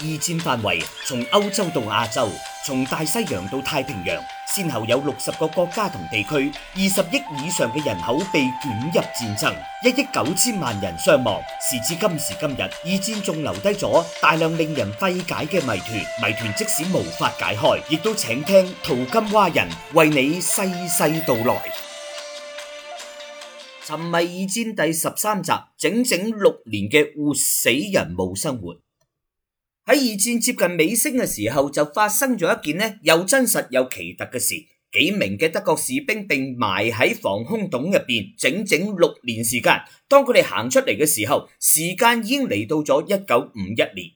二戰範圍從歐洲到亞洲，從大西洋到太平洋，先後有六十個國家同地區，二十億以上嘅人口被捲入戰爭，一億九千萬人傷亡。時至今時今日，二戰仲留低咗大量令人費解嘅謎團，謎團即使無法解開，亦都請聽淘金蛙人為你細細道來。尋迷二戰第十三集，整整六年嘅活死人墓生活。喺二戰接近尾聲嘅時候，就發生咗一件呢又真實又奇特嘅事。幾名嘅德國士兵並埋喺防空洞入邊，整整六年時間。當佢哋行出嚟嘅時候，時間已經嚟到咗一九五一年。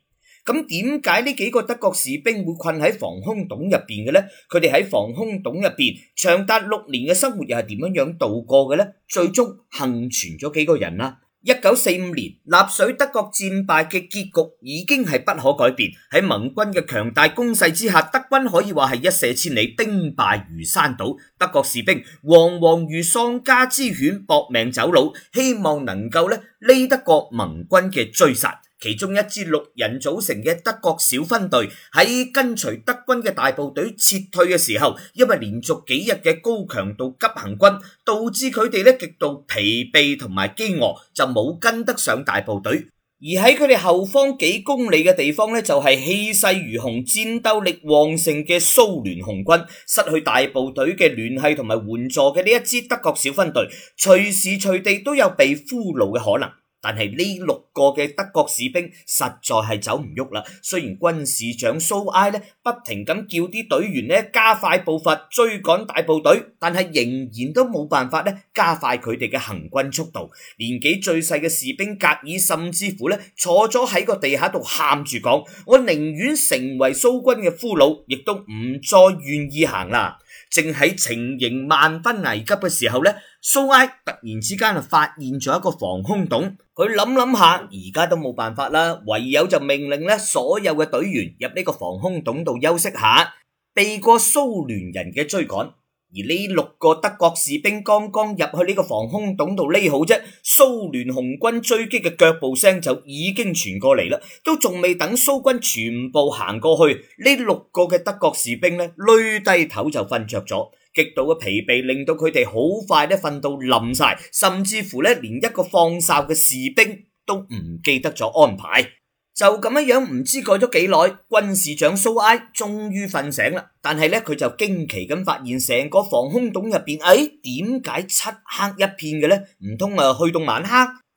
咁點解呢幾個德國士兵會困喺防空洞入邊嘅呢？佢哋喺防空洞入邊長達六年嘅生活又係點樣樣度過嘅呢？最終幸存咗幾個人啦。一九四五年，納粹德國戰敗嘅結局已經係不可改變。喺盟軍嘅強大攻勢之下，德軍可以話係一瀉千里，兵敗如山倒。德國士兵惶惶如喪家之犬，搏命走佬，希望能夠呢，匿得過盟軍嘅追殺。其中一支六人組成嘅德國小分隊喺跟隨德軍嘅大部隊撤退嘅時候，因為連續幾日嘅高強度急行軍，導致佢哋咧極度疲憊同埋飢餓，就冇跟得上大部隊。而喺佢哋後方幾公里嘅地方咧，就係氣勢如虹、戰鬥力旺盛嘅蘇聯紅軍。失去大部隊嘅聯繫同埋援助嘅呢一支德國小分隊，隨時隨地都有被俘虜嘅可能。但係呢六個嘅德國士兵實在係走唔喐啦。雖然軍士長蘇埃咧不停咁叫啲隊員咧加快步伐追趕大部隊，但係仍然都冇辦法咧加快佢哋嘅行軍速度。年紀最細嘅士兵格爾甚至乎咧坐咗喺個地下度喊住講：我寧願成為蘇軍嘅俘虜，亦都唔再願意行啦。正喺情形萬分危急嘅時候咧，蘇埃突然之間啊發現咗一個防空洞，佢諗諗下，而家都冇辦法啦，唯有就命令咧所有嘅隊員入呢個防空洞度休息下，避過蘇聯人嘅追趕。而呢六個德國士兵剛剛入去呢個防空洞度匿好啫，蘇聯紅軍追擊嘅腳步聲就已經傳過嚟啦。都仲未等蘇軍全部行過去，呢六個嘅德國士兵呢，低低頭就瞓着咗。極度嘅疲憊令到佢哋好快咧瞓到冧晒，甚至乎咧連一個放哨嘅士兵都唔記得咗安排。就咁樣樣，唔知過咗幾耐，軍事長蘇埃終於瞓醒啦。但係咧，佢就驚奇咁發現，成個防空洞入邊，哎，點解漆黑一片嘅咧？唔通啊，去到晚黑？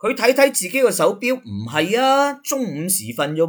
佢睇睇自己個手錶，唔係啊，中午時分啫。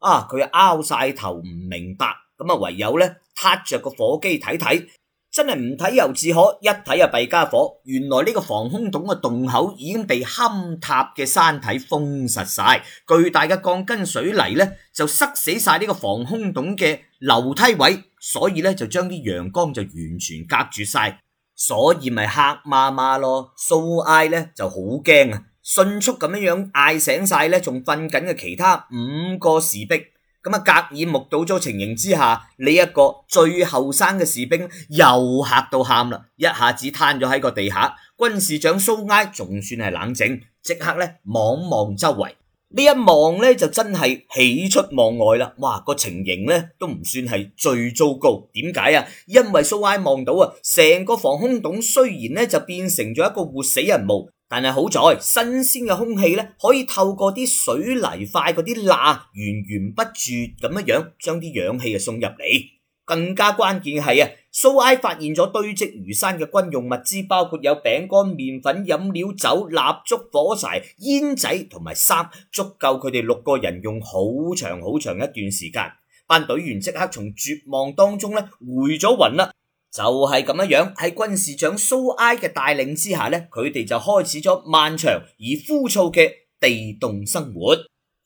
啊，佢拗晒頭，唔明白。咁啊，唯有咧，撻着個火機睇睇。真係唔睇猶自可，一睇啊弊家伙！原來呢個防空洞嘅洞口已經被坍塌嘅山體封實晒，巨大嘅鋼筋水泥呢就塞死晒呢個防空洞嘅樓梯位，所以呢就將啲陽光就完全隔住晒，所以咪黑麻麻咯。蘇埃呢就好驚啊，迅速咁樣嗌醒晒呢仲瞓緊嘅其他五個士兵。咁啊！格爾目睹咗情形之下，呢一個最後生嘅士兵又吓到喊啦，一下子癱咗喺個地下。軍士長蘇埃仲算係冷靜，即刻咧望望周圍，呢一望咧就真係喜出望外啦！哇，個情形咧都唔算係最糟糕，點解啊？因為蘇埃望到啊，成個防空洞雖然咧就變成咗一個活死人墓。但係好在新鮮嘅空氣咧，可以透過啲水泥塊嗰啲罅源源不絕咁樣樣，將啲氧氣啊送入嚟。更加關鍵係啊，蘇埃發現咗堆積如山嘅軍用物資，包括有餅乾、麵粉、飲料、酒、蠟燭、火柴、煙仔同埋衫，足夠佢哋六個人用好長好長一段時間。班隊員即刻從絕望當中咧回咗魂啦。就係咁樣樣，喺軍事長蘇埃嘅帶領之下呢，佢哋就開始咗漫長而枯燥嘅地洞生活。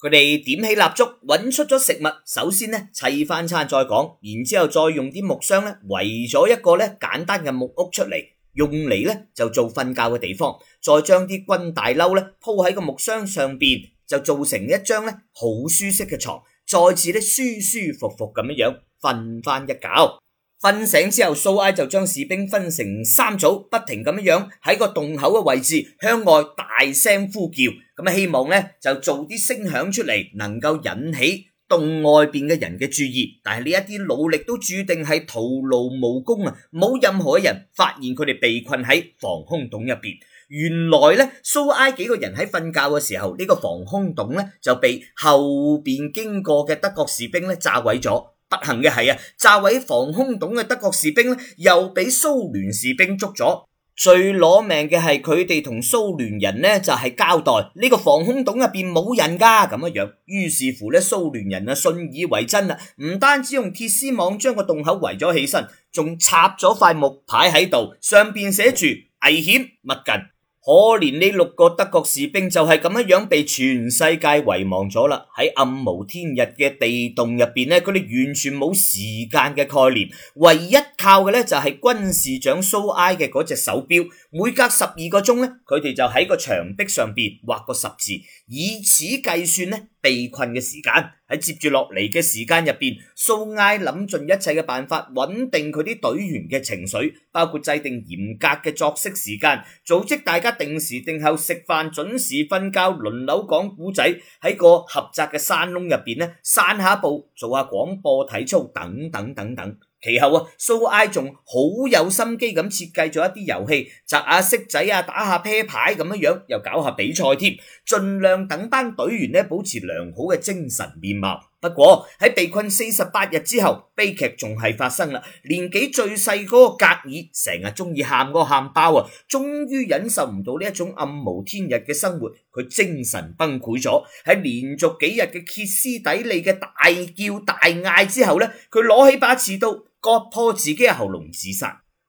佢哋點起蠟燭，揾出咗食物，首先呢，砌翻餐再講，然之後再用啲木箱呢，圍咗一個呢簡單嘅木屋出嚟，用嚟呢就做瞓覺嘅地方。再將啲軍大褸呢鋪喺個木箱上邊，就做成一張呢好舒適嘅床，再次呢舒舒服服咁樣樣瞓翻一覺。瞓醒之後，蘇埃就將士兵分成三組，不停咁樣喺個洞口嘅位置向外大聲呼叫，咁啊希望咧就做啲聲響出嚟，能夠引起洞外邊嘅人嘅注意。但係呢一啲努力都注定係徒勞無功啊！冇任何人發現佢哋被困喺防空洞入邊。原來咧，蘇埃幾個人喺瞓覺嘅時候，呢個防空洞咧就被後邊經過嘅德國士兵咧炸毀咗。不幸嘅係啊，炸毀防空洞嘅德國士兵咧，又俾蘇聯士兵捉咗。最攞命嘅係佢哋同蘇聯人呢，就係、是、交代呢、呢個防空洞入邊冇人噶咁樣。于是乎咧，蘇聯人啊信以為真啊，唔單止用鐵絲網將個洞口圍咗起身，仲插咗塊木牌喺度，上邊寫住危險勿近。可憐呢六個德國士兵就係咁樣樣被全世界遺忘咗啦，喺暗無天日嘅地洞入邊呢，佢哋完全冇時間嘅概念，唯一靠嘅呢就係軍士長蘇埃嘅嗰隻手表，每隔十二個鐘呢，佢哋就喺個牆壁上邊畫個十字，以此計算呢。被困嘅時間喺接住落嚟嘅時間入邊，蘇埃諗盡一切嘅辦法穩定佢啲隊員嘅情緒，包括制定嚴格嘅作息時間，組織大家定時定候食飯、準時瞓覺、輪流講古仔，喺個狹窄嘅山窿入邊咧散下步、做下廣播體操等等等等。其後啊，蘇埃仲好有心機咁設計咗一啲遊戲，扎下骰仔啊，打下啤牌咁樣樣，又搞下比賽添，盡量等班隊員呢保持良好嘅精神面貌。不過喺被困四十八日之後，悲劇仲係發生啦。年紀最細嗰個格爾成日中意喊個喊包啊，終於忍受唔到呢一種暗無天日嘅生活，佢精神崩潰咗。喺連續幾日嘅歇斯底里嘅大叫大嗌之後呢，佢攞起把刺刀。割破自己嘅喉嚨自殺，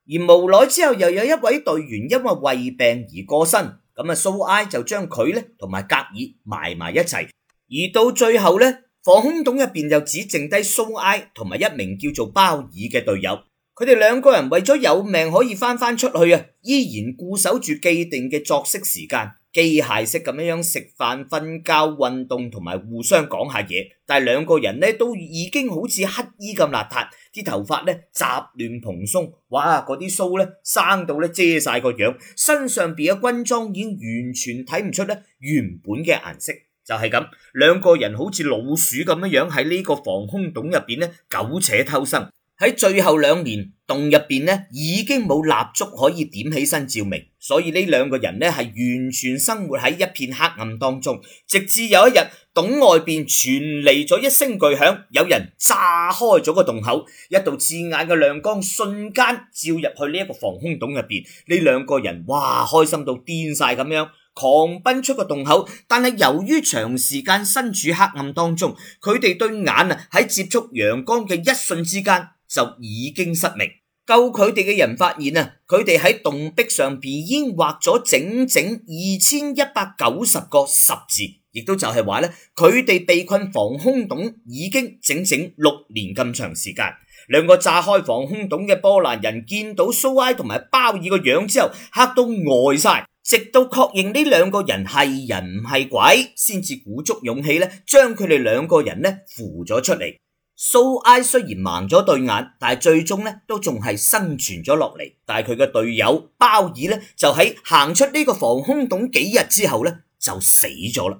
而無奈之後又有一位隊員因為胃病而過身，咁啊蘇埃就將佢咧同埋格爾埋埋一齊，而到最後咧防空洞入邊就只剩低蘇埃同埋一名叫做鮑爾嘅隊友，佢哋兩個人為咗有命可以翻翻出去啊，依然固守住既定嘅作息時間。機械式咁樣樣食飯、瞓覺、運動同埋互相講下嘢，但係兩個人咧都已經好似乞衣咁邋遢，啲頭髮咧雜亂蓬鬆，哇！嗰啲鬚咧生到咧遮晒個樣，身上邊嘅軍裝已經完全睇唔出咧原本嘅顏色，就係咁，兩個人好似老鼠咁樣樣喺呢個防空洞入邊咧苟且偷生。喺最後兩年，洞入邊呢已經冇蠟燭可以點起身照明，所以呢兩個人呢係完全生活喺一片黑暗當中。直至有一日，洞外邊傳嚟咗一聲巨響，有人炸開咗個洞口，一道刺眼嘅亮光瞬間照入去呢一個防空洞入邊。呢兩個人哇，開心到癲晒咁樣，狂奔出個洞口。但係由於長時間身處黑暗當中，佢哋對眼啊喺接觸陽光嘅一瞬之間。就已經失明。救佢哋嘅人發現啊，佢哋喺洞壁上邊已經畫咗整整二千一百九十個十字，亦都就係話咧，佢哋被困防空洞已經整整六年咁長時間。兩個炸開防空洞嘅波蘭人見到蘇埃同埋鮑爾個樣之後，嚇到呆晒，直到確認呢兩個人係人唔係鬼，先至鼓足勇氣咧，將佢哋兩個人咧扶咗出嚟。蘇埃雖然盲咗對眼，但係最終咧都仲係生存咗落嚟。但係佢嘅隊友鮑爾咧就喺行出呢個防空洞幾日之後咧就死咗啦。